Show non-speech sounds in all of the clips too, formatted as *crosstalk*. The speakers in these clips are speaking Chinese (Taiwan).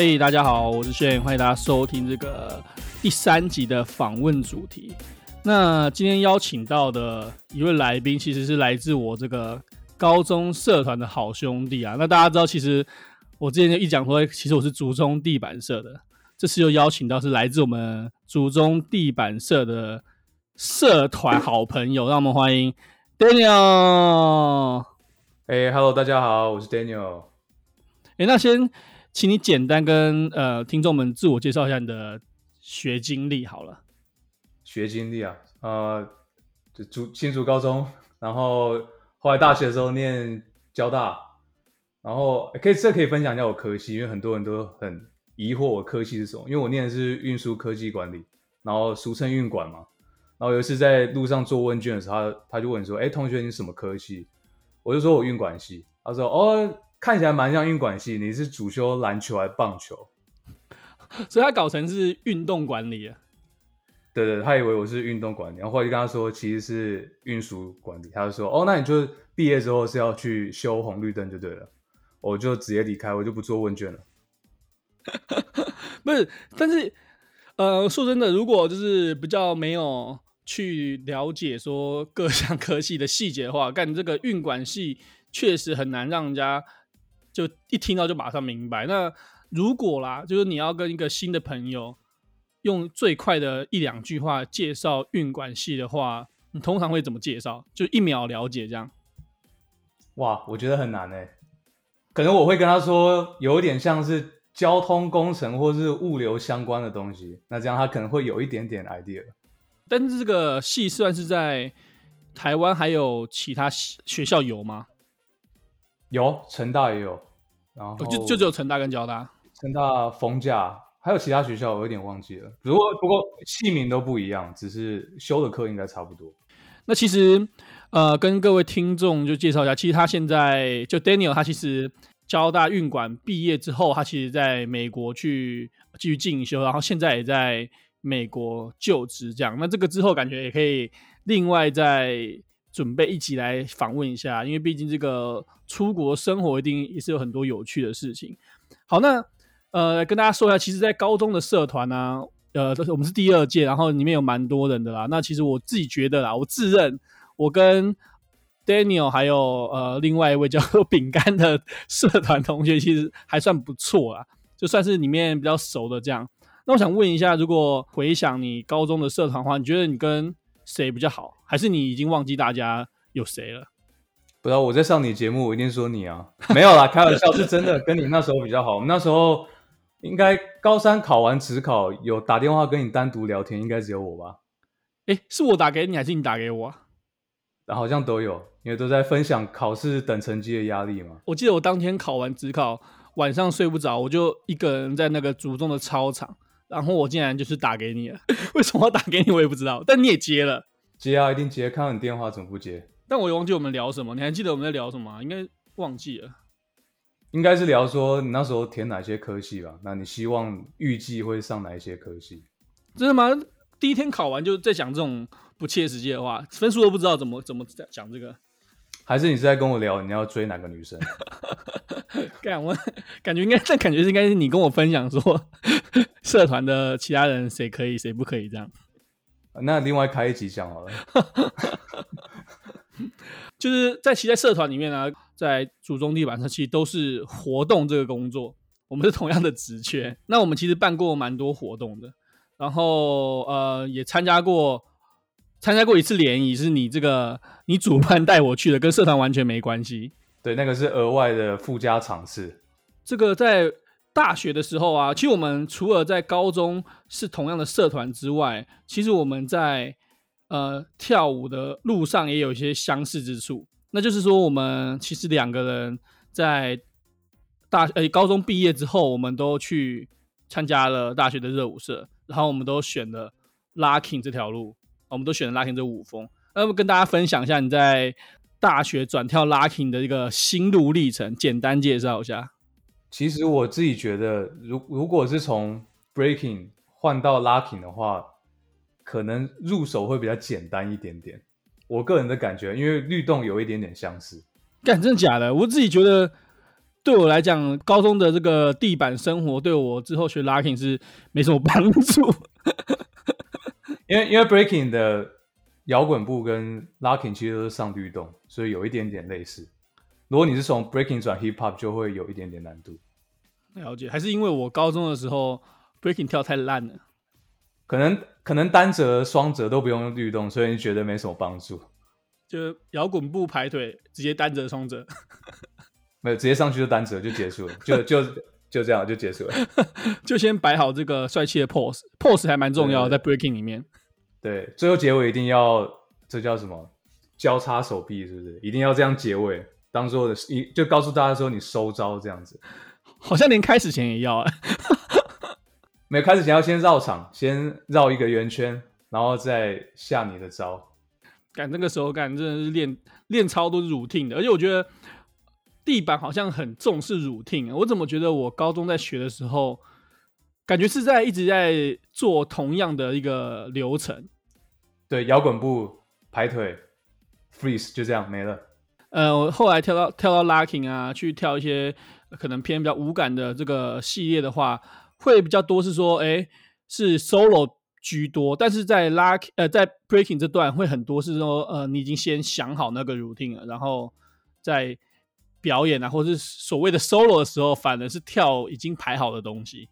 嘿，hey, 大家好，我是軒，歡迎大家收聽這個第三集的訪問主題。那今天邀請到的一位來賓，其實是來自我這個高中社團的好兄弟啊。那大家知道，其實我之前就一講說，其實我是竹中地板社的。這次又邀請到是來自我們竹中地板社的社團好朋友，讓我們歡迎 Daniel。哎，hey，Hello，大家好，我是 Daniel。哎，那先。請你簡單跟呃聽眾們自我介紹一下你的學經歷好了。學經歷啊，呃，就讀新竹高中，然後後來大學的時候念交大，然後可以這可以分享一下我科系，因為很多人都很疑惑我的科系是什麼，因為我念的是運輸科技管理，然後俗稱運管嘛。然後有一次在路上做問卷的時候，他他就問說：“哎，同學你什麼科系？”我就說我運管系。他說：“哦。”看起來蠻像運管系，你是主修籃球還是棒球？所以他搞成是運動管理。對對，他以為我是運動管理，然後，後來就跟他說其實是運輸管理，他就說：“哦，那你就畢業之後是要去修紅綠燈就對了。”我就直接離開，我就不做問卷了。 *laughs* 不是，但是呃，說真的，如果就是比較沒有去了解說各項科系的細節的話，干這個運管系確實很難讓人家。就一聽到就馬上明白。那如果啦，就是你要跟一個新的朋友用最快的一兩句話介紹運管系的話，你通常會怎麼介紹？就一秒了解這樣？哇，我覺得很難哎、欸。可能我會跟他說，有一點像是交通工程或是物流相關的東西。那這樣他可能會有一點點 idea。但是這個系算是在台灣還有其他學校有嗎？有，成大也有。然後哦、就就只有成大跟交大，成大、逢甲，還有其他學校，我有點忘記了。不過不過，系名都不一樣，只是修的課應該差不多。那其實，呃，跟各位聽眾就介紹一下，其實他現在就 Daniel，他其實交大運管畢業之後，他其實在美國去繼續進修，然後現在也在美國就職，這樣。那這個之後，感覺也可以另外再。準備一起來訪問一下，因為畢竟這個出國生活一定也是有很多有趣的事情。好，那呃，跟大家說一下，其實，在高中的社團呢、啊，呃，我們是第二屆，然後裡面有蠻多人的啦。那其實我自己覺得啦，我自認我跟 Daniel 還有呃另外一位叫做餅乾的社團同學，其實還算不錯啦，就算是裡面比較熟的這樣。那我想問一下，如果回想你高中的社團的話，你覺得你跟誰比較好？還是你已經忘記大家有誰了？不知道我在上你節目，我一定說你啊！ *laughs* 沒有啦，開玩笑，是真的。跟你那時候比較好，我們那時候應該高三考完指考，有打電話跟你單獨聊天，應該只有我吧？誒，欸、是我打給你還是你打給我？啊？好像都有，因為都在分享考試等成績的壓力嘛。我記得我當天考完指考，晚上睡不着，我就一個人在那個竹中的操場。然後我竟然就是打給你了，為什麼要打給你，我也不知道。但你也接了，接啊，一定接，看到你電話怎麼不接。但我也忘記我們聊什麼，你還記得我們在聊什麼啊？應該忘記了，應該是聊說你那時候填哪些科系吧？那你希望預計會上哪一些科系？真的嗎？第一天考完就在講這種不切實際的話，分數都不知道怎麼怎麼講這個。還是你是在跟我聊你要追哪個女生？敢問 *laughs* ，感覺應該這感覺是應該是你跟我分享說，社團的其他人誰可以誰不可以這樣。那另外開一集講好了。 *laughs* *laughs* 就是在其實在社團裡面呢、啊，在竹中地板上，其實都是活動這個工作，我們是同樣的職缺。那我們其實辦過蠻多活動的，然後呃也參加過。參加過一次聯誼，是你這個你主辦帶我去的，跟社團完全沒關係。對，那個是額外的附加嘗試。這個在大學的時候啊，其實我們除了在高中是同樣的社團之外，其實我們在呃跳舞的路上也有一些相似之處。那就是說，我們其實兩個人在大呃、欸、高中畢業之後，我們都去參加了大學的熱舞社，然後我們都選了 locking 這條路。我們都選了 locking 這舞風。那要不跟大家分享一下你在大學轉跳 locking 的一個心路歷程，簡單介紹一下。其實我自己覺得，如果如果是從 breaking 換到 locking 的話，可能入手會比較簡單一點點。我個人的感覺，因為律動有一點點相似。幹，真的假的？我自己覺得，對我來講，高中的這個地板生活對我之後學 locking 是沒什麼幫助.。 *laughs* 因為因為 breaking 的搖滾步跟 locking 其實都是上律動，所以有一點點類似。如果你是從 breaking 轉 hip hop，就會有一點點難度。了解，還是因為我高中的時候 breaking 跳太爛了。可能可能單折雙折都不用用律動，所以你覺得沒什麼幫助。就搖滾步排腿，直接單折雙折， *laughs* 沒有，直接上去就單折就結束了，就就 *laughs* 就這樣就結束了。 *laughs* 就先擺好這個帥氣的 pose，pose pose 還蠻重要的在 breaking 裡面。對，最後結尾一定要，這叫什麼？交叉手臂是不是？一定要這樣結尾，當做的，一就告訴大家說你收招這樣子。好像連開始前也要啊？ *laughs* 沒開始前要先繞場，先繞一個圓圈，然後再下你的招。感那個時候感覺真的是練練操都是 Routine 的，而且我覺得地板好像很重視 Routine，我怎麼覺得我高中在學的時候。感覺是在一直在做同樣的一個流程，對，搖滾步、排腿、freeze 就這樣沒了。呃，我後來跳到跳到 locking 啊，去跳一些可能偏比較無感的這個系列的話，會比較多是說，哎、欸，是 solo 居多。但是在 locking 呃，在 breaking 這段會很多是說，呃，你已經先想好那個 routine 了，然後在表演啊，或者所謂的 solo 的時候，反而是跳已經排好的東西。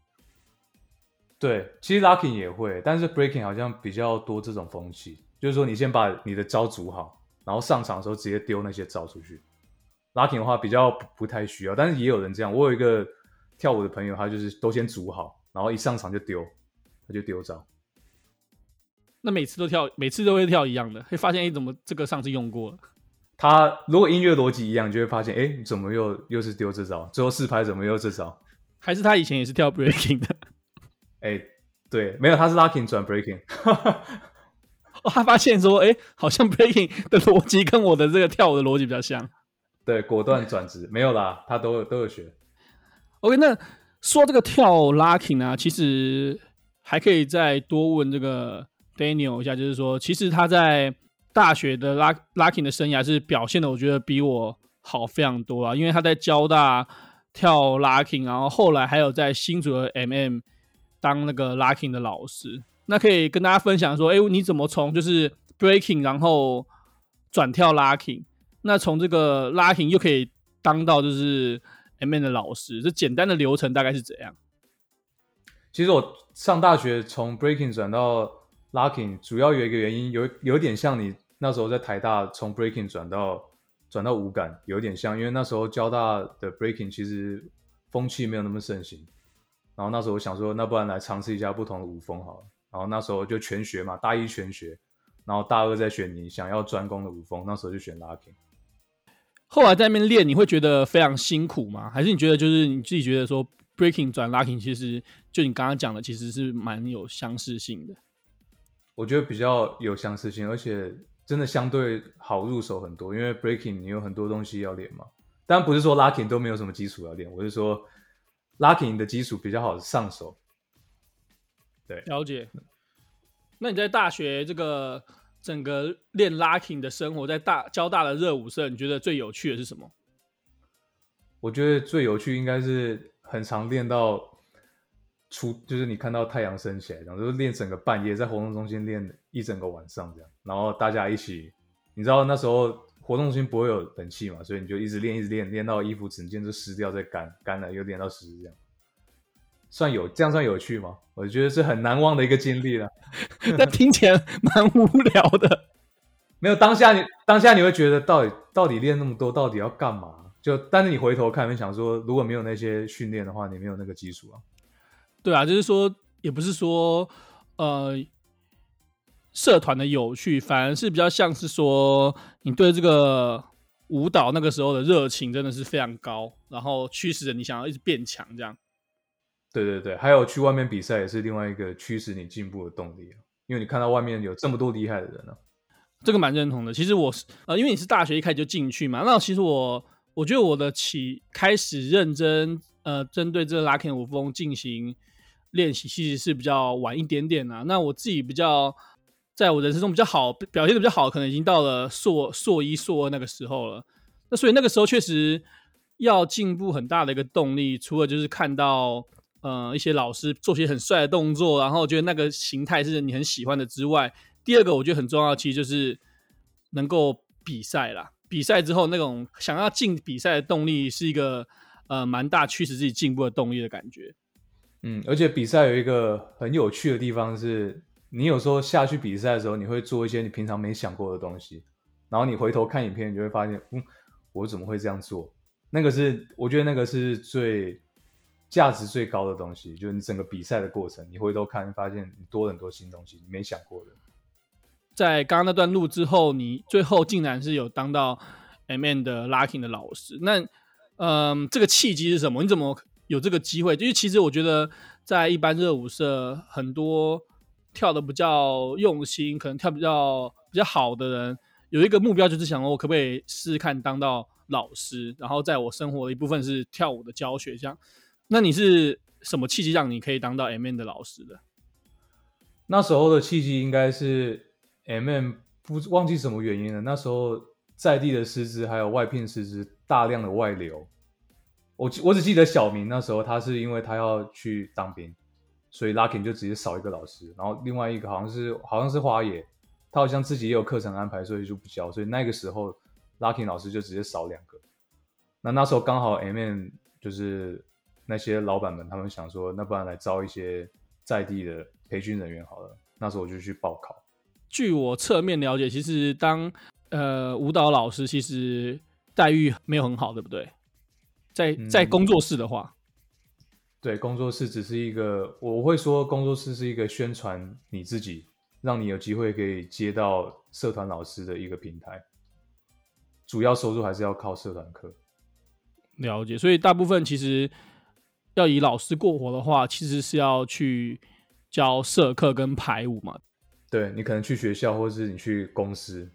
對，其實 locking 也會，但是 breaking 好像比較多這種風氣，就是說你先把你的招組好，然後上場的時候直接丟那些招出去。locking 的話比較不，不太需要，但是也有人這樣。我有一個跳舞的朋友，他就是都先組好，然後一上場就丟，他就丟招。那每次都跳，每次都會跳一樣的，會發現誒怎麼這個上次用過了？他如果音樂邏輯一樣，你就會發現哎，怎麼又又是丟這招？最後四拍怎麼又這招？還是他以前也是跳 breaking 的？哎，對，沒有，他是 locking 轉 breaking。我、 *laughs* 哦、他發現說，哎，好像 breaking 的邏輯跟我的這個跳舞的邏輯比較像。對，果斷轉職，嗯、沒有啦，他都有都有學。OK，那說這個跳 locking 呢、啊，其實還可以再多問這個 Daniel 一下，就是說，其實他在大學的 locking 的生涯是表現的，我覺得比我好非常多啊，因為他在交大跳 locking，然後後來還有在新竹的 MM。當那個 locking 的老師，那可以跟大家分享說，哎，欸，你怎麼從就是 breaking，然後轉跳 locking，那從這個 locking 又可以當到就是 MN 的老師，這簡單的流程大概是怎樣？其實我上大學從 breaking 轉到 locking，主要有一個原因，有有點像你那時候在台大從 breaking 轉到轉到五感，有點像，因為那時候交大的 breaking 其實風氣沒有那麼盛行。然後那時候我想說，那不然來嘗試一下不同的舞風好了。然後那時候就全學嘛，大一全學，然後大二再選你想要專攻的舞風。那時候就選 locking。後來在那邊練，你會覺得非常辛苦嗎？還是你覺得就是你自己覺得說 breaking 轉 locking 其實就你剛剛講的其實是蠻有相似性的？我覺得比較有相似性，而且真的相對好入手很多，因為 breaking 你有很多東西要練嘛。但不是說 locking 都沒有什麼基礎要練，我是說。locking 的基礎比較好上手，對，了解。那你在大學這個整個練 locking 的生活，在大，交大的熱舞社，你覺得最有趣的是什麼？我覺得最有趣應該是很常練到出，就是你看到太陽升起來，然後就練整個半夜在活動中心練一整個晚上這樣，然後大家一起，你知道那時候。活動中心不會有冷氣嘛，所以你就一直練，一直練，練到衣服整件都濕掉再乾，乾了又練到濕這樣，算有這樣算有趣嗎？我覺得是很難忘的一個經歷了， *laughs* 但聽起來蠻無聊的。 *laughs* 沒有，當下你當下你會覺得到底到底練那麼多到底要幹嘛？就但是你回頭看，你想說如果沒有那些訓練的話，你沒有那個基礎啊。對啊，就是說也不是說呃。社團的有趣反而是比較像是說，你對這個舞蹈那個時候的熱情真的是非常高，然後驅使着你想要一直變強這樣。對對對，還有去外面比賽也是另外一個驅使你進步的動力，因為你看到外面有這麼多厲害的人呢、啊。這個蠻認同的。其實我是呃，因為你是大學一開始就進去嘛，那其實我我覺得我的起開始認真呃，針對這個拉丁舞風進行練習其實是比較晚一點點啦、啊、那我自己比較。在我的人生中比較好表現的比較好，可能已經到了碩碩一、碩二那個時候了。那所以那個時候確實要進步很大的一個動力，除了就是看到呃一些老師做些很帥的動作，然後覺得那個形態是你很喜歡的之外，第二個我覺得很重要，其實就是能夠比賽啦。比賽之後那種想要進比賽的動力，是一個呃蠻大驅使自己進步的動力的感覺。嗯，而且比賽有一個很有趣的地方是，你有時候下去比賽的時候，你會做一些你平常沒想過的東西，然後你回頭看影片，你就會發現，嗯，我怎麼會這樣做？那個是我覺得那個是最價值最高的東西，就是你整個比賽的過程，你回頭看，發現你多了很多新東西，你沒想過的。在剛剛那段路之後，你最後竟然是有當到 MM 的 Locking 的老師，那嗯，這個契機是什麼？你怎麼有這個機會？就是其實我覺得在一般熱舞社很多。跳得比較用心，可能跳比較比較好的人，有一個目標就是想我可不可以試試看當到老師？然後在我生活的一部分是跳舞的教學。這樣，那你是什麼契機讓你可以當到 M M 的老師的？那時候的契機應該是 M M 不，忘記什麼原因了。那時候在地的師資還有外聘師資大量的外流，我我只記得小明那時候他是因為他要去當兵。所以 Lucky 就直接少一個老師，然後另外一個好像是好像是花野，他好像自己也有課程安排，所以就不教。所以那個時候 Lucky 老師就直接少兩個。那那時候剛好 M N 就是那些老闆們，他們想說，那不然來招一些在地的培訓人員好了。那時候我就去報考。據我側面了解，其實當呃舞蹈老師其實待遇沒有很好，對不對？在在工作室的話。嗯對，工作室只是一個，我會說工作室是一個宣傳你自己，讓你有機會可以接到社團老師的一個平台。主要收入還是要靠社團課。了解，所以大部分其實要以老師過活的話，其實是要去教社課跟排舞嘛。對，你可能去學校，或者是你去公司。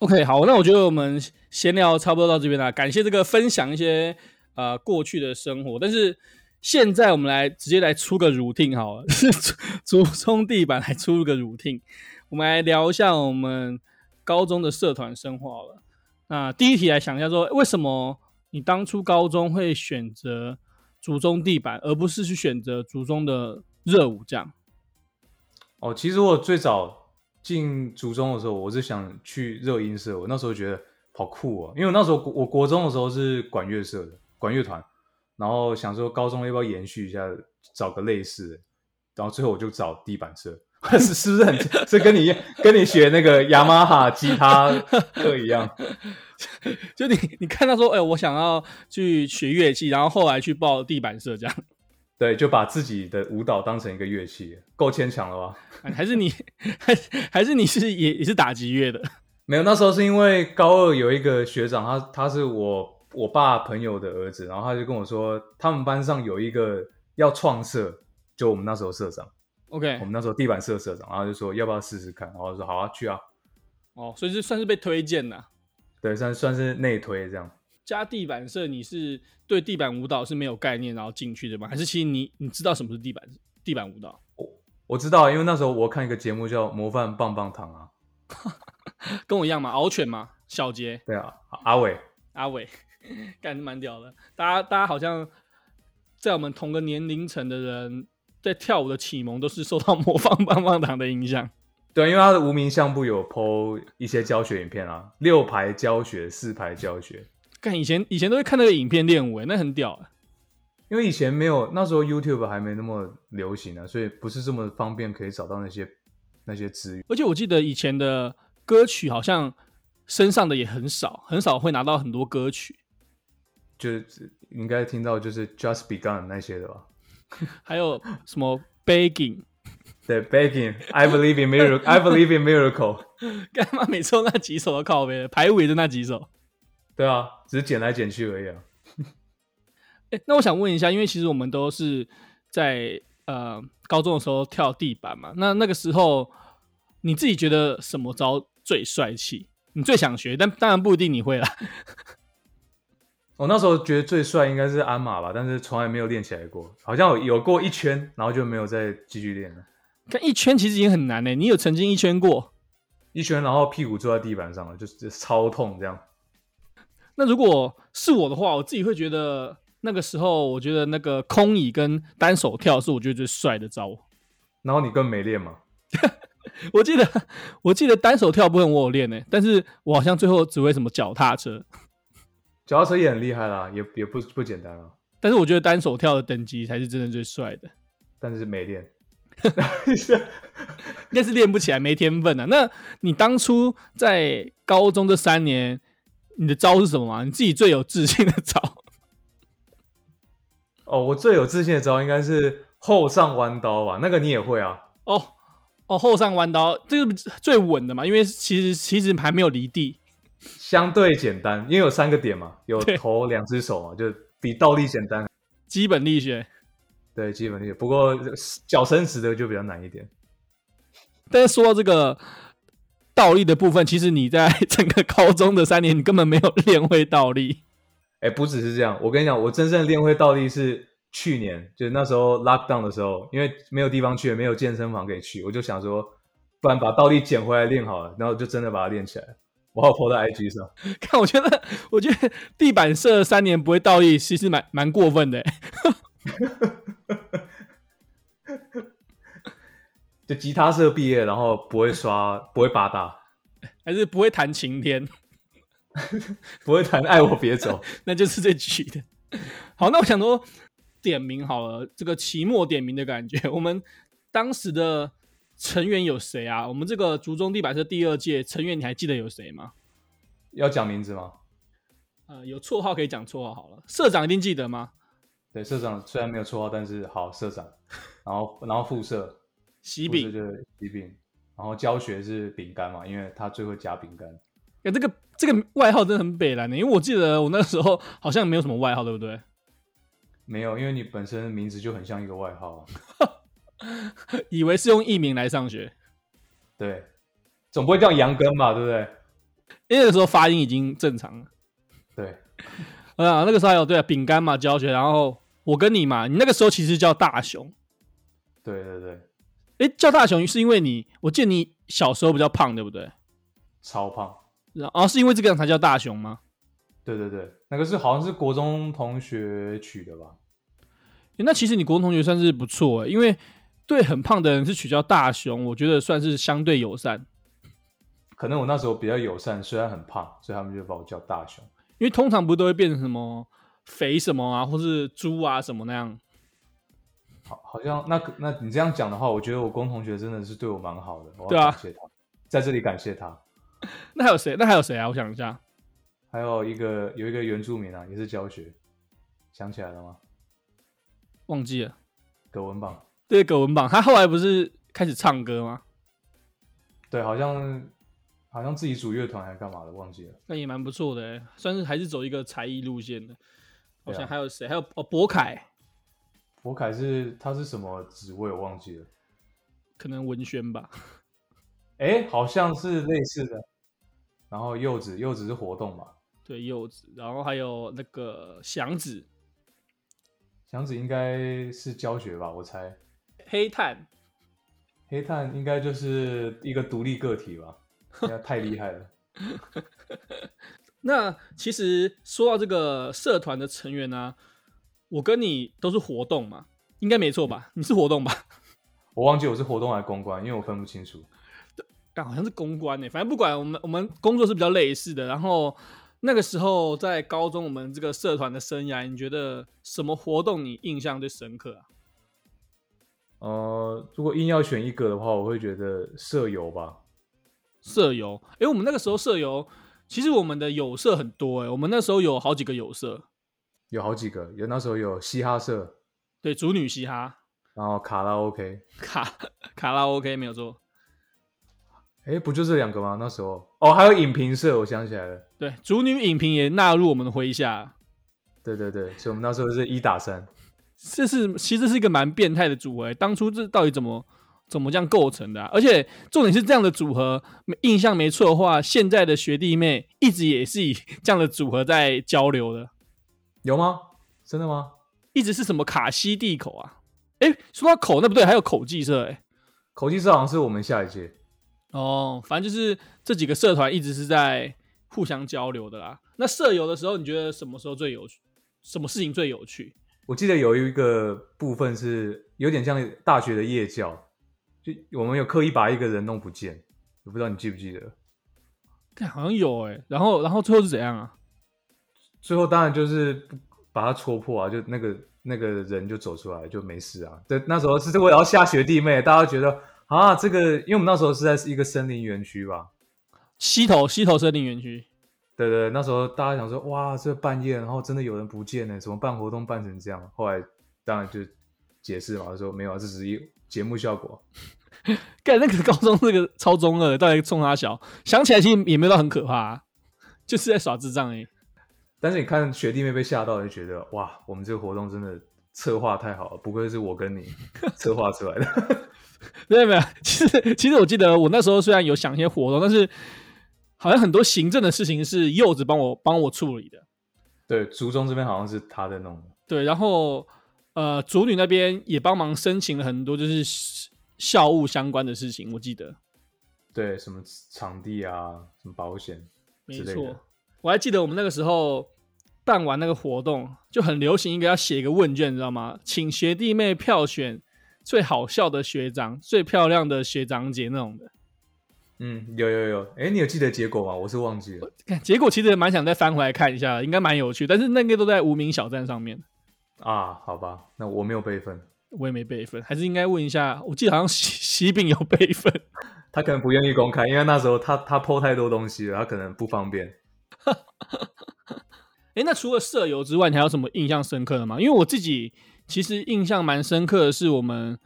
OK，好，那我覺得我們閒聊差不多到這邊了，感謝這個分享一些呃過去的生活，但是。現在我們來直接來出個 routine，好了，是竹中地板來出一個 routine，我們來聊一下我們高中的社團生活好了。那第一題來想一下，說為什麼你當初高中會選擇竹中地板，而不是去選擇竹中的熱舞？這樣哦，其實我最早進竹中的時候，我是想去熱音社，我那時候覺得好酷哦、啊，因為我那時候我國中的時候是管樂社的，管樂團。然後想說高中要不要延續一下，找個類似的，然後最後我就找地板社， *laughs* 是是不是很這跟你跟你學那個雅馬哈吉他課一樣？ *laughs* 就你你看到說，哎、欸，我想要去學樂器，然後後來去報地板社這樣，對，就把自己的舞蹈當成一個樂器，夠牽強了吧？ *laughs* 還是你還是還是你是也也是打擊樂的？沒有，那時候是因為高二有一個學長，他他是我。我爸朋友的兒子，然後他就跟我說，他們班上有一個要創社，就我們那時候社長，OK，我們那時候地板社社長，然後就說要不要試試看，然後就說好啊，去啊，哦，所以是算是被推薦了？對，算算是內推這樣。加地板社，你是對地板舞蹈是沒有概念，然後進去的嗎？還是其實你你知道什麼是地板地板舞蹈？我我知道啊，因為那時候我看一個節目叫《模範棒棒糖》啊， *laughs* 跟我一樣嘛，敖犬嘛，小杰，對啊，阿偉，阿偉。感覺蠻屌的，大家大家好像在我們同個年齡層的人，在跳舞的啟蒙都是受到魔方棒棒糖的影響。對，因為他的無名相簿有 PO 一些教學影片啊，六排教學、四排教學。看以前以前都是看那個影片練舞欸，那很屌欸。因為以前沒有，那時候 YouTube 還沒那麼流行啊，所以不是這麼方便可以找到那些那些資源。而且我記得以前的歌曲好像身上的也很少，很少會拿到很多歌曲。就是應該聽到就是 just begun 那些的吧，還有什麼 begging， *laughs* 對 begging I believe in miracle I believe in miracle，幹嘛每次都那幾首都靠背，排舞的那幾首，對啊，只是剪來剪去而已啊。欸，那我想問一下，因為其實我們都是在呃高中的時候跳地板嘛，那那個時候你自己覺得什麼招最帥氣，你最想學，但當然不一定你會啦。我那時候覺得最帥應該是鞍馬吧，但是從來沒有練起來過。好像有過一圈，然後就沒有再繼續練了。但一圈其實已經很難呢、欸。你有曾經一圈過？一圈，然後屁股坐在地板上了，就是超痛這樣。那如果是我的話，我自己會覺得那個時候，我覺得那個空椅跟單手跳是我覺得最帥的招。然後你更沒練嗎？ *laughs* 我記得，我記得單手跳部分我有練呢、欸，但是我好像最後只會什麼腳踏車。腳踏車也很厲害啦，也也不不簡單啊。但是我覺得單手跳的等級才是真的最帥的。但是沒練， *laughs* 應該是練不起來，沒天分啊。那你當初在高中這三年，你的招是什麼啊？你自己最有自信的招？哦，我最有自信的招應該是後上彎刀吧？那個你也會啊？哦哦，後上彎刀，這個最穩的嘛，因為其實其實還沒有離地。相對簡單，因為有三個點嘛，有頭兩隻手嘛，對就比倒立簡單。基本力學，對，基本力學。不過腳伸直的就比較難一點。但是說到這個倒立的部分，其實你在整個高中的三年，你根本沒有練會倒立。哎、欸，不只是這樣，我跟你講，我真正練會倒立是去年，就是那時候 lockdown 的時候，因為沒有地方去，也沒有健身房可以去，我就想說，不然把倒立撿回來練好了，然後就真的把它練起來。我有 po 到 IG 上，看，我覺得，我覺得地板社三年不會倒立，其實蠻蠻過分的。 *laughs* 就吉他社畢業，然後不會刷，不會八大，還是不會彈《晴天》， *laughs* 不會彈《愛我別走》， *laughs* 那就是這句的。好，那我想說點名好了，這個期末點名的感覺，我們當時的成員有誰啊？我們這個竹中地板社第二屆成員，你還記得有誰嗎？要講名字嗎？呃，有綽號可以講綽號好了。社長一定記得嗎？對，社長雖然沒有綽號，但是好社長。然後，然後副社，喜餅對對，喜餅。然後教學是餅乾嘛，因為他最會夾餅乾。哎、欸，這個這個外號真的很北爛的，因為我記得我那個時候好像沒有什麼外號，對不對？沒有，因為你本身名字就很像一個外號啊。 *laughs* *laughs* 以為是用藝名來上學，對，總不會叫楊根吧，對不對？因為、欸、那個、時候發音已經正常了。對，哎呀、啊，那個時候還有對餅、啊、幹嘛教學，然後我跟你嘛，你那個時候其實叫大雄。對對對。哎、欸，叫大雄是因為你，我記得你小時候比較胖，對不對？超胖。然後、啊、是因為這個人才叫大雄嗎？對對對，那個是好像是國中同學取的吧、欸？那其實你國中同學算是不錯、欸，因為。對很胖的人是取叫大熊，我覺得算是相對友善。可能我那時候比較友善，雖然很胖，所以他們就把我叫大熊。因為通常不都會變成什麼肥什麼啊，或是豬啊什麼那樣。好，好像那那你這樣講的話，我覺得我工同學真的是對我蠻好的。對啊，謝他，在這裡感謝他。 *laughs* 那還有誰？那還有誰啊？我想一下。還有一個有一個原住民啊，也是教學。想起來了嗎？忘記了。格文棒。對葛文榜，他後來不是開始唱歌嗎？對，好像好像自己組樂團還是幹嘛的，忘記了。那也蠻不錯的，算是還是走一個才藝路線的。好像還有誰？啊、還有哦，博凱。博凱是他是什麼職位？我忘記了。可能文宣吧。哎，好像是類似的。然後柚子，柚子是活動吧？對，柚子。然後還有那個祥子。祥子應該是教學吧，我猜。黑炭，黑炭應該就是一個獨立個體吧？那太厲害了。 *laughs* 那其實說到這個社團的成員呢、啊，我跟你都是活動嘛，應該沒錯吧？嗯、你是活動吧？我忘記我是活動還是公關，因為我分不清楚。但 *laughs* 好像是公關呢、欸，反正不管，我們我們工作是比較類似的。然後那個時候在高中，我們這個社團的生涯，你覺得什麼活動你印象最深刻啊？呃，如果硬要選一個的話，我會覺得社遊吧。社遊，誒、欸，我們那個時候社遊，其實我們的友社很多、欸，誒，我們那時候有好幾個友社，有好幾個，有那時候有嘻哈社。對，竹女嘻哈，然後卡拉 OK，卡卡拉 OK 沒有做，哎、欸，不就這兩個嗎？那時候，哦，還有影評社，我想起來了，對，竹女影評也納入我們的麾下，對對對，所以我們那時候是一打三。 *laughs* 這是其實是一個蠻變態的組合、欸，當初這到底怎麼怎麼這樣構成的、啊？而且重點是這樣的組合，印象沒錯的話，現在的學弟妹一直也是以這樣的組合在交流的，有嗎？真的嗎？一直是什麼卡西地口啊？哎、欸，說到口那不對，還有口技社、欸，哎，口技社好像是我們下一屆哦，反正就是這幾個社團一直是在互相交流的啦。那社遊的時候，你覺得什麼時候最有趣？什麼事情最有趣？我記得有一個部分是有點像大學的夜教，就我們有刻意把一個人弄不見，我不知道你記不記得？對，好像有誒、欸、然後然後最後是怎樣啊？最後當然就是把他戳破啊，就那個那個人就走出來就沒事啊。對，那時候是這為了嚇學弟妹，大家都覺得啊這個，因為我們那時候實在是在一個森林園區吧，溪頭溪頭森林園區。對，對對，那時候大家想說，哇，這半夜，然後真的有人不見呢。欸？怎麼辦活動辦成這樣？後來當然就解釋嘛，就說沒有啊，這只是一節目效果。幹那個高中那個超中二的，大家衝他笑。想起來其實也沒有到很可怕啊，就是在耍智障哎、欸。但是你看學弟妹被嚇到，就覺得哇，我們這個活動真的策劃太好了，不愧是我跟你策劃出來的。沒有 *laughs* 沒有，其實其實我記得我那時候雖然有想一些活動，但是。好像很多行政的事情是柚子幫我幫我處理的，對，竹中這邊好像是他在弄，對，然後呃，竹女那邊也幫忙申請了很多就是校務相關的事情，我記得，對，什麼場地啊，什麼保險，沒錯，我還記得我們那個時候辦完那個活動，就很流行一個要寫一個問卷，你知道嗎？請學弟妹票選最好笑的學長、最漂亮的學長姐那種的。嗯，有有有，哎，你有記得結果嗎？我是忘記了。結果其實也蠻想再翻回來看一下，應該蠻有趣。但是那個都在無名小站上面。啊，好吧，那我沒有備份，我也沒備份，還是應該問一下。我記得好像喜喜餅有備份。他可能不願意公開，因為那時候他他 PO 太多東西了，他可能不方便。哈哈哈！哎，那除了社遊之外，你還有什麼印象深刻的嗎？因為我自己其實印象蠻深刻的是我們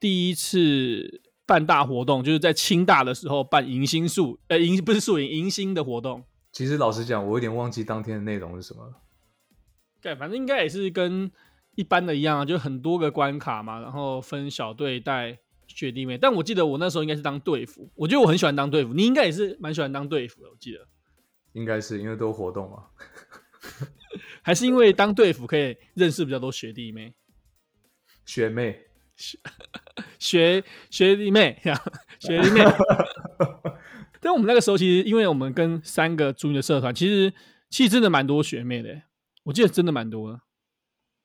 第一次。辦大活動就是在清大的時候辦迎新樹，呃、欸，迎不是樹迎迎新的活動。其實老實講，我有點忘記當天的內容是什麼了。哎，反正應該也是跟一般的一樣啊，就很多個關卡嘛，然後分小隊帶學弟妹。但我記得我那時候應該是當隊服，我覺得我很喜歡當隊服。你應該也是蠻喜歡當隊服的，我記得。應該是因為都活動啊， *laughs* 還是因為當隊服可以認識比較多學弟妹、學妹？學學學弟妹，學弟妹。 *laughs* 但我們那個時候，其實因為我們跟三個組的社團，其實其實真的蠻多學妹的、欸。我記得真的蠻多的。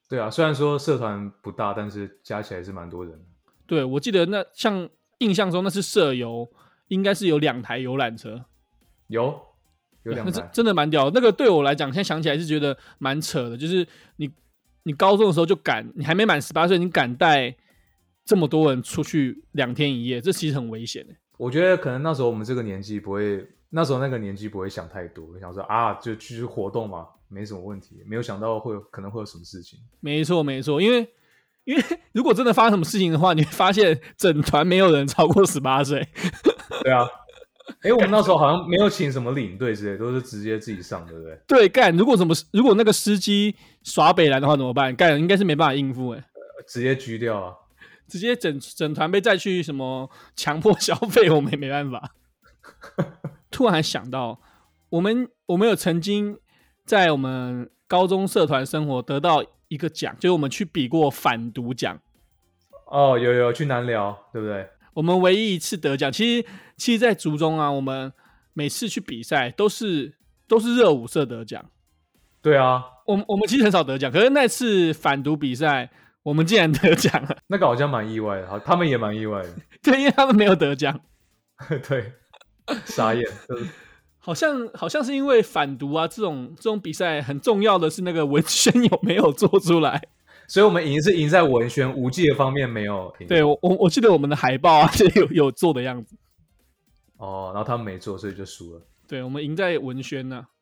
對啊，雖然說社團不大，但是加起來是蠻多人。對，我記得那像印象中那是社遊，應該是有兩台遊覽車。有，有兩台。欸，那真的蠻屌的。那個對我來講，現在想起來是覺得蠻扯的。就是你，你高中的時候就敢，你還沒滿十八歲，你敢帶。這麼多人出去兩天一夜，這其實很危險欸。我覺得可能那時候我們這個年紀不會，那時候那個年紀不會想太多，想說啊，就繼續活動嘛，沒什麼問題。沒有想到會有可能會有什麼事情。沒錯，沒錯，因為因為如果真的發生什麼事情的話，你會發現整團沒有人超過十八歲。對啊，哎、欸，我們那時候好像沒有請什麼領隊之類的，都是直接自己上，對不對？對，幹，如果什麼如果那個司機耍北蘭的話怎麼辦？幹，應該是沒辦法應付哎、欸呃，直接狙掉啊。直接整整團被再去什麼強迫消費，我們也沒辦法。突然想到，我們我們有曾經在我們高中社團生活得到一個獎，就是我們去比過反毒獎。哦，有有去南寮，對不對？我們唯一一次得獎，其實其實，在竹中啊，我們每次去比賽都是都是熱舞社得獎。對啊，我們我們其實很少得獎，可是那次反毒比賽。我們竟然得獎了，那個好像蠻意外的，他們也蠻意外的， *laughs* 對，因為他們沒有得獎， *laughs* 對，傻眼。好像好像是因為反毒啊，這種這種比賽很重要的是那個文宣有沒有做出來，所以我們贏是贏在文宣，舞技的方面沒有贏。對，我我我記得我們的海報啊是有有做的樣子，哦，然後他們沒做，所以就輸了，對，我們贏在文宣呢、啊。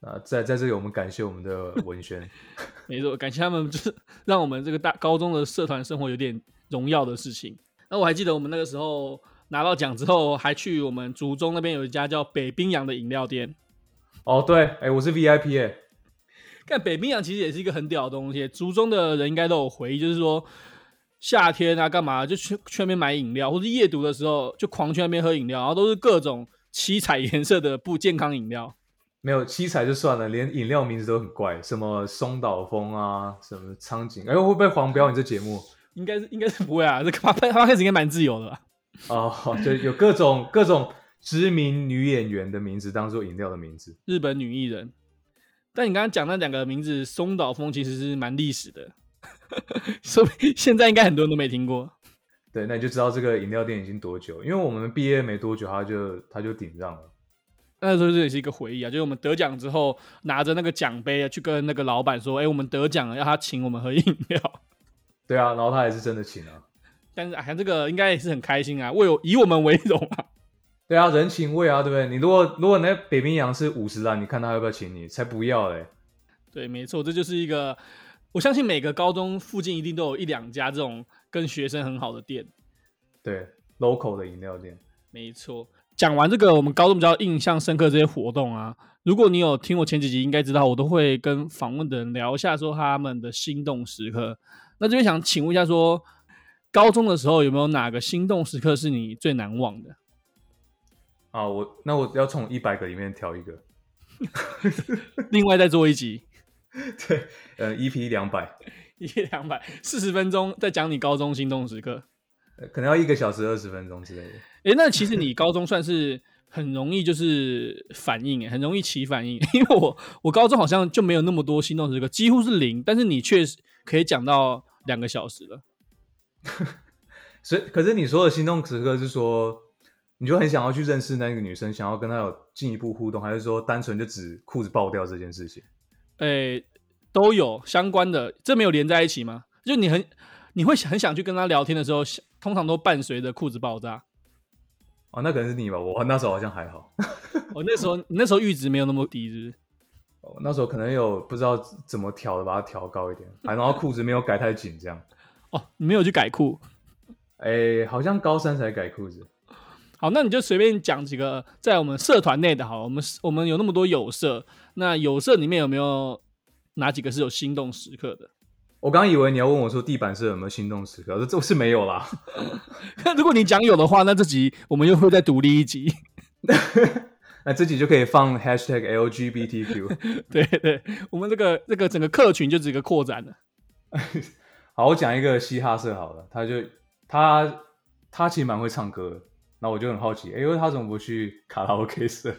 啊，在在這裡我們感謝我們的文宣， *laughs* 沒錯，感謝他們，就是讓我們這個大高中的社團生活有點榮耀的事情。那我還記得我們那個時候拿到獎之後，還去我們竹中那邊有一家叫北冰洋的飲料店。哦，對，哎、欸，我是 VIP 哎、欸。看北冰洋其實也是一個很屌的東西，竹中的人應該都有回憶，就是說夏天啊幹嘛就去去那邊買飲料，或者夜讀的時候就狂去那邊喝飲料，然後都是各種七彩顏色的不健康飲料。沒有七彩就算了，連飲料名字，都很怪，什麼松島楓啊，什麼蒼井，哎呦，會不會黃標？你這節目應該是應該是不會啊，這咖啡咖啡應該蠻自由的吧？哦，就有各種 *laughs* 各種知名女演員的名字當做飲料的名字，日本女藝人。但你剛剛講那兩個名字，松島楓其實是蠻歷史的，所 *laughs* 以現在應該很多人都沒聽過。對，那你就知道這個飲料店已經多久？因為我們畢業沒多久，他就他就頂上了。那時候這也是一個回憶啊，就是我們得獎之後拿着那個獎杯去跟那個老闆說：“哎、欸，我們得獎了，要他請我們喝飲料。”對啊，然後他也是真的請啊。但是哎、啊，這個應該也是很開心啊，為我，以我們為榮啊。對啊，人情味啊，對不對？你如果如果那北冰洋是五十萬，你看他要不要請你？才不要嘞。對，沒錯，這就是一個，我相信每個高中附近一定都有一兩家這種跟學生很好的店。對，local 的飲料店。沒錯。講完這個，我們高中比較印象深刻這些活動啊。如果你有聽我前幾集，應該知道我都會跟訪問的人聊一下，說他們的心動時刻。那這邊想請問一下說，說高中的時候有沒有哪個心動時刻是你最難忘的？啊，我那我要從一百個裡面挑一個， *laughs* 另外再做一集。 *laughs* 對，呃，一批兩百，一批兩百四十分鐘，再講你高中心動時刻。可能要一個小時二十分鐘之類的。哎、欸，那其實你高中算是很容易，就是反應， *laughs* 很容易起反應。 *laughs* 因為我我高中好像就沒有那麼多心動時刻，幾乎是零。但是你確實可以講到兩個小時了。 *laughs* 所以可是你說的心動時刻是說，你就很想要去認識那個女生，想要跟她有進一步互動，還是說單純就只褲子爆掉這件事情？哎、欸，都有相關的，這沒有連在一起嗎？就你很。你會很想去跟他聊天的時候，通常都伴隨着褲子爆炸。哦，那可能是你吧。我那時候好像還好。我、 *laughs* 哦、那時候，那時候閾值沒有那麼低，是不是？哦，那時候可能有不知道怎麼調的，把它調高一點。還然後褲子沒有改太緊，這樣。 *laughs* 哦，你沒有去改褲。哎、欸，好像高三才改褲子。好，那你就隨便講幾個在我們社團內的哈。我們我們有那麼多友社，那友社裡面有沒有哪幾個是有心動時刻的？我剛以為你要問我說地板社有沒有心動時刻，我說這是沒有啦。 *laughs* 如果你講有的話，那這集我們又會再獨立一集。 *laughs* 那這集就可以放 #LGBTQ。 *laughs* 對對，我們這個這個整個客群就有一個擴展了。 *laughs* 好，我講一個嘻哈社好了，他就他他其實蠻會唱歌，那我就很好奇，哎呦，他怎麼不去卡拉 OK 社？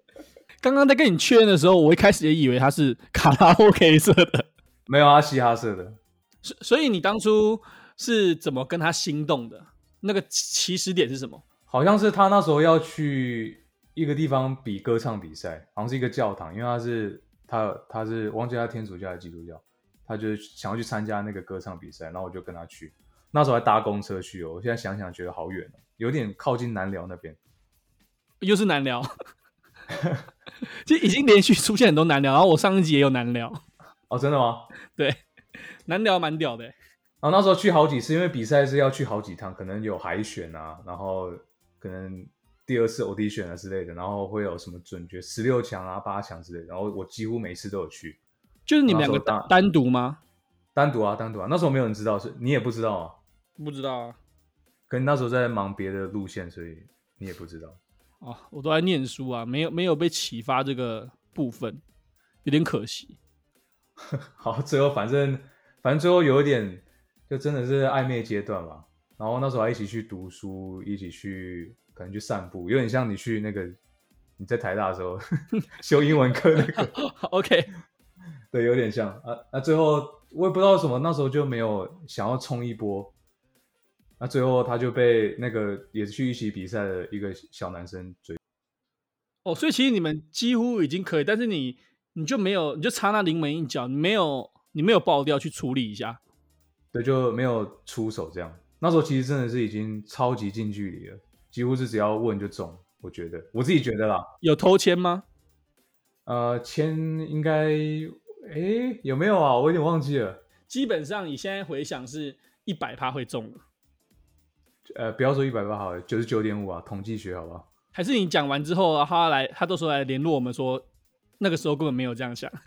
*laughs* 剛剛在跟你確認的時候，我一開始也以為他是卡拉 OK 社的。沒有啊，嘻哈社的。所所以你當初是怎麼跟他心動的？那個起始點是什麼？好像是他那時候要去一個地方比歌唱比賽，好像是一個教堂，因為他是他他是忘記他天主教還是基督教，他就是想要去參加那個歌唱比賽，然後我就跟他去，那時候還搭公車去哦，我現在想想覺得好遠哦，有點靠近南寮那邊，又是南寮， *laughs* 其實已經連續出現很多南寮，然後我上一集也有南寮。哦，真的嗎？對，難聊蠻屌的欸。然後那時候去好幾次，因為比賽是要去好幾趟，可能有海選啊，然後可能第二次 audition 啊之類的，然後會有什麼準決十六強啊、八強之類的，然後我幾乎每一次都有去。就是你們兩個單獨嗎？單獨啊，單獨啊。那時候沒有人知道，是你也不知道啊，不知道啊。可能那時候在忙別的路線，所以你也不知道。哦，我都在念書啊，沒有沒有被啟發這個部分，有點可惜。 *laughs* 好，最後反正反正最後有一點，就真的是曖昧階段嘛。然後那時候還一起去讀書，一起去可能去散步，有點像你去那個你在台大的時候 *laughs* 修英文課那個。 *laughs* OK， *laughs* 對，有點像啊。那、啊、最後我也不知道什麼，那時候就沒有想要衝一波。那、啊、最後他就被那個也是去一起比賽的一個小男生追。哦，所以其實你們幾乎已經可以，但是你。你就沒有，你就差那臨門一腳，你沒有，你沒有爆掉去處理一下，對，就沒有出手這樣。那時候其實真的是已經超級近距離了，幾乎是只要問就中，我覺得我自己覺得啦。有偷簽嗎？呃，簽應該，誒、欸、有沒有啊？我有點忘記了。基本上你現在回想是一百趴會中，呃，不要說一百趴好了，九、就是九十九點五啊，統計學好不好？還是你講完之後，然後他來，他到時候來聯絡我們說。那個時候根本沒有這樣想 *laughs* ，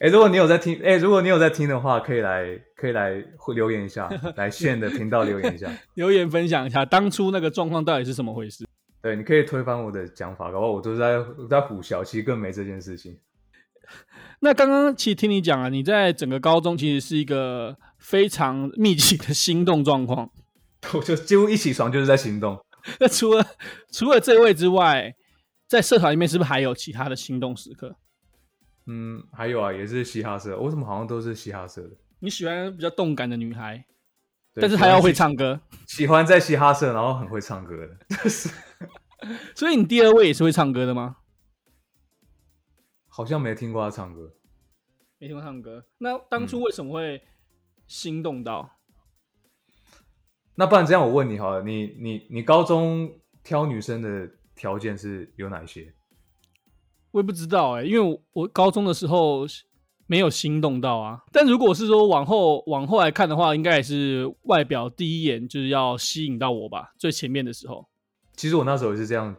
欸，如果你有在聽，欸，如果你有在聽的話，可以來，可以來留言一下，來現的頻道留言一下， *laughs* 留言分享一下當初那個狀況到底是怎麼回事。對，你可以推翻我的講法，搞不好我都是在我都是在胡聊，其實更沒這件事情。那剛剛其實聽你講啊，你在整個高中其實是一個非常密集的心動狀況，我就幾乎一起床就是在行動。 *laughs* 那除了除了這位之外，在社團裡面是不是還有其他的心動時刻？嗯，還有啊，也是嘻哈社。為什麼好像都是嘻哈社的？你喜歡比較動感的女孩，對但是她要會唱歌。喜歡在嘻哈社，然後很會唱歌的。就是、 *laughs* 所以你第二位也是會唱歌的嗎？好像沒聽過她唱歌，沒聽過唱歌。那當初為什麼會心動到？嗯、那不然這樣，我問你好了，你你你高中挑女生的？條件是有哪些？我也不知道哎、欸，因為我，我高中的時候沒有心動到啊。但如果是說往後往後來看的話，應該也是外表第一眼就是要吸引到我吧。最前面的時候，其實我那時候也是這樣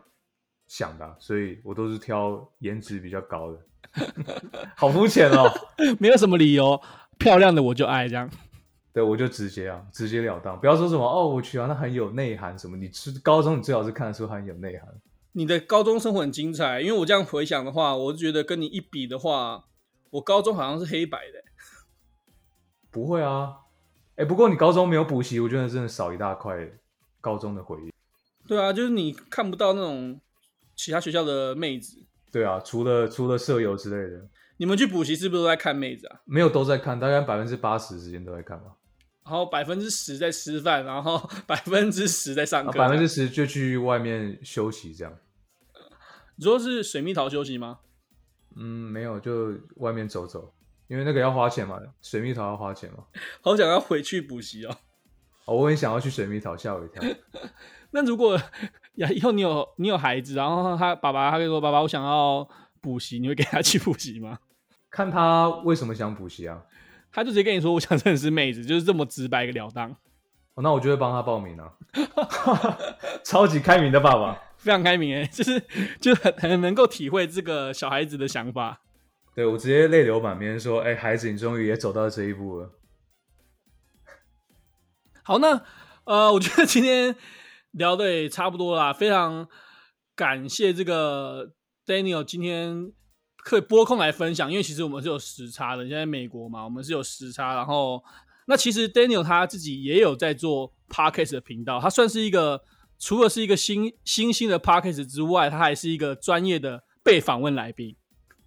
想的、啊，所以我都是挑顏值比較高的。 *laughs* *laughs* 好膚淺哦， *laughs* 沒有什麼理由，漂亮的我就愛這樣。對，我就直接啊，直截了當，不要說什麼哦，我去啊，那很有內涵什麼？你高中你最好是看得出很有內涵。你的高中生活很精彩，因為我這樣回想的話，我就覺得跟你一比的話，我高中好像是黑白的。不會啊，哎、欸，不過你高中沒有補習，我覺得真的少一大塊高中的回憶。對啊，就是你看不到那種其他學校的妹子。對啊，除了除了社遊之類的，你們去補習是不是都在看妹子啊？沒有，都在看，大概百分之八十時間都在看吧。然後百分之十在吃飯，然後百分之十在上課，百分之十就去外面休息這樣。你說是水蜜桃休息嗎？嗯，沒有，就外面走走，因為那個要花錢嘛，水蜜桃要花錢嘛。好想要回去補習哦。哦，我很想要去水蜜桃，嚇我一跳。 *laughs* 那如果呀，以後你有你有孩子，然後他爸爸他跟你說爸爸，我想要補習，你會給他去補習嗎？看他為什麼想補習啊？他就直接跟你說，我想認識妹子，就是這麼直白的了當。哦，那我就會幫他報名啊。 *laughs* 超級開明的爸爸。非常開明哎，就是就是很很能夠體會這個小孩子的想法。對我直接淚流滿面說：“哎、欸，孩子，你終於也走到這一步了。好”好，那呃，我覺得今天聊的也差不多啦。非常感謝這個 Daniel 今天可以撥空來分享，因為其實我們是有時差的。現在在美國嘛，我們是有時差。然後，那其實 Daniel 他自己也有在做 Podcast 的頻道，他算是一個。除了是一個新新興的 Podcast 之外，他還是一個專業的被訪問來賓。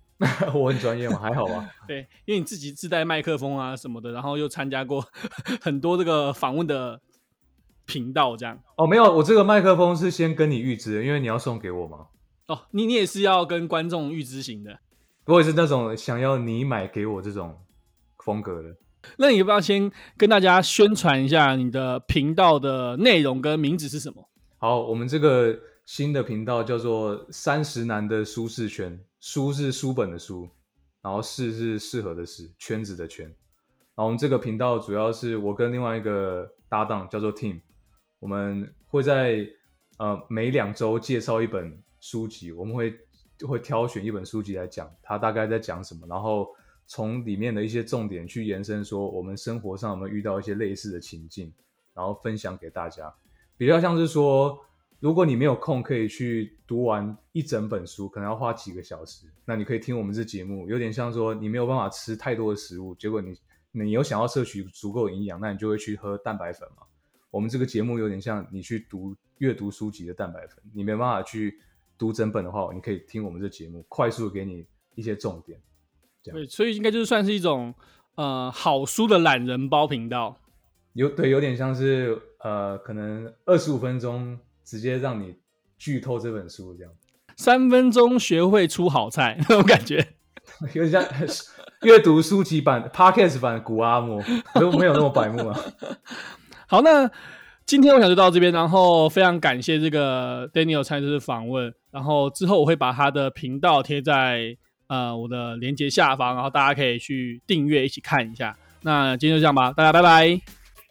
*laughs* 我很專業嘛，還好吧？ *laughs* 對，因為你自己自帶麥克風啊什麼的，然後又參加過很多這個訪問的頻道，這樣。哦，沒有，我這個麥克風是先跟你預支的，因為你要送給我嗎？哦，你你也是要跟觀眾預支型的？我也是那種想要你買給我這種風格的。那你要不要先跟大家宣傳一下你的頻道的內容跟名字是什麼？好，我們這個新的頻道叫做三十男的書適圈，書是書本的書，然後適是適合的適，圈子的圈。然後我們這個頻道主要是我跟另外一個搭檔叫做 Tim，我們會在呃每兩週介紹一本書籍，我們會會挑選一本書籍來講，它大概在講什麼，然後從裡面的一些重點去延伸，說我們生活上有沒有遇到一些類似的情境，然後分享給大家。比較像是說，如果你沒有空，可以去讀完一整本書，可能要花幾個小時。那你可以聽我們這節目，有點像說你沒有辦法吃太多的食物，結果你你又想要攝取足夠營養，那你就會去喝蛋白粉嘛。我們這個節目有點像你去讀閱讀書籍的蛋白粉，你沒辦法去讀整本的話，你可以聽我們這節目，快速給你一些重點。對，所以應該就是算是一種呃好書的懶人包頻道。有對，有點像是呃，可能二十五分鐘直接讓你劇透這本書這樣，三分鐘學會出好菜那種感覺，有點像 *laughs* 閱讀書籍版、Podcast 版《古阿莫》，沒有那麼白目啊。 *laughs* 好，那今天我想就到這邊，然後非常感謝這個 Daniel 參與這次訪問，然後之後我會把他的頻道貼在呃我的鏈接下方，然後大家可以去訂閱一起看一下。那今天就這樣吧，大家拜拜。